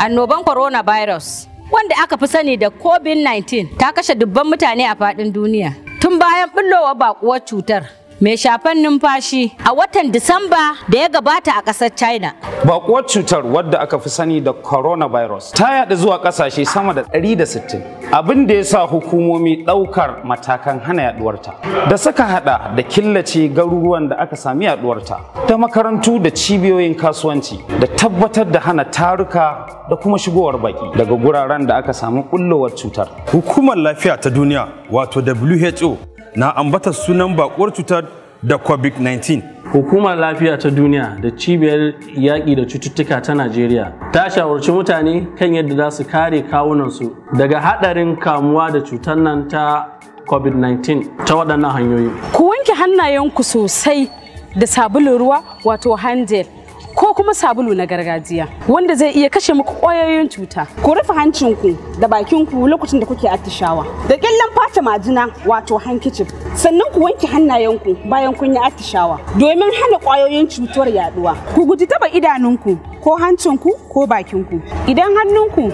annoban coronavirus wanda aka fi sani da covid-19 ta kashe dubban mutane a faɗin duniya tun bayan bullowa bakuwar cutar mai shafan numfashi a watan Disamba da ya gabata a ƙasar China. Bakuwar cutar wadda aka fi sani da coronavirus ta yaɗa zuwa ƙasashe sama da 160 abin da ya sa hukumomi ɗaukar matakan hana yaduwarta da suka haɗa da killace garuruwan da aka sami yaɗuwarta da makarantu da cibiyoyin kasuwanci da tabbatar da hana taruka da kuma shigowar baki daga guraren da aka samu ƙullowar cutar. Hukumar lafiya ta duniya wato WHO na ambatar sunan bakuwar cutar da covid-19 hukumar lafiya ta duniya da cibiyar yaƙi da cututtuka ta najeriya ta shawarci mutane kan yadda za su kare kawunansu daga haɗarin kamuwa da cutar nan ta covid-19 ta waɗannan hanyoyi ku wanke hannayenku sosai da sabulun ruwa wato handel ko kuma sabulu na gargajiya wanda zai iya kashe muku ƙwayoyin cuta ku rufe hancinku da bakinku lokacin da kuke atishawa da bata majina wato hankicin sannan ku wanke hannayenku bayan kun yi atishawa domin hana kwayoyin cutar yaduwa ku guji taba idanunku ko hancinku ko bakinku idan hannunku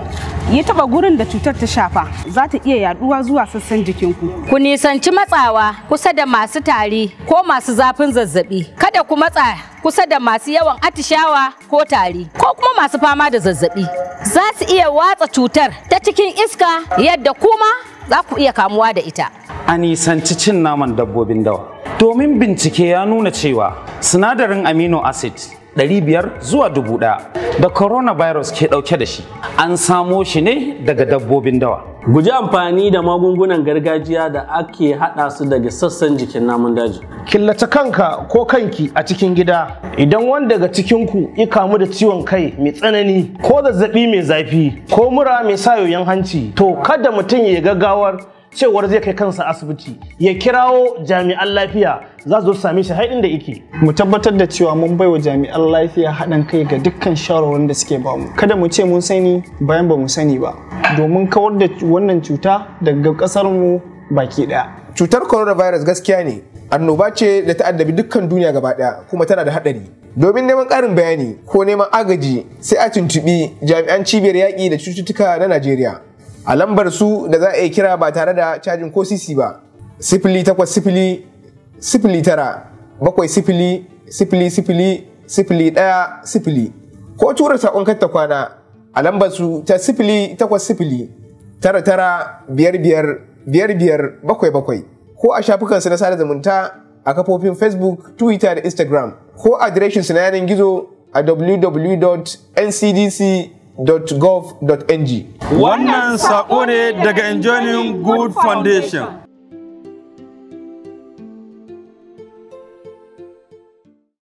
ya taba gurin da cutar ta shafa za ta iya yaduwa zuwa sassan jikinku. Ku nisanci matsawa kusa da masu tari ko masu zafin zazzabi. Kada ku matsa kusa da masu yawan atishawa ko tari ko kuma masu fama da zazzabi. Za su iya watsa cutar ta cikin iska yadda kuma za ku iya kamuwa da ita. A nisanci cin naman dabbobin dawa. Domin bincike ya nuna cewa sinadarin amino acid 500 zuwa 1000 da coronavirus ke ɗauke da shi an samo shi ne daga dabbobin dawa guji amfani da magungunan gargajiya da ake haɗa su daga sassan jikin namun daji killace kanka ko kanki a cikin gida idan wanda daga cikinku ya kamu da ciwon kai mai tsanani ko zazzabi mai zafi ko mura mai sa hanci to kada mutum ya gaggawar cewar zai kai kansa asibiti ya kirawo jami'an lafiya za su same shi haɗin da ike. Mu tabbatar da cewa mun baiwa jami'an lafiya haɗin kai ga dukkan shawarwarin da suke bamu. Kada mu ce mun sani bayan ba mu sani ba domin kawar da wannan cuta daga ƙasar mu baki ɗaya. Cutar coronavirus gaskiya ne annoba ce da ta addabi dukkan duniya gaba ɗaya kuma tana da haɗari. Domin neman ƙarin bayani ko neman agaji sai a tuntuɓi jami'an cibiyar yaƙi da cututtuka na Najeriya. a lambar su da za a yi kira ba tare da cajin ko sisi ba sifili takwas sifili sifili tara bakwai sifili sifili sifili sifili ɗaya sifili ko tura saƙon katta kwana a lambar su ta sifili takwas sifili tara tara biyar biyar biyar biyar bakwai bakwai ko a shafukansu na sada zumunta a kafofin facebook twitter da instagram ko adireshinsu na yanar gizo a www.ncdc www.gov.ng. Wannan saƙo ne daga Enjoying Good Foundation.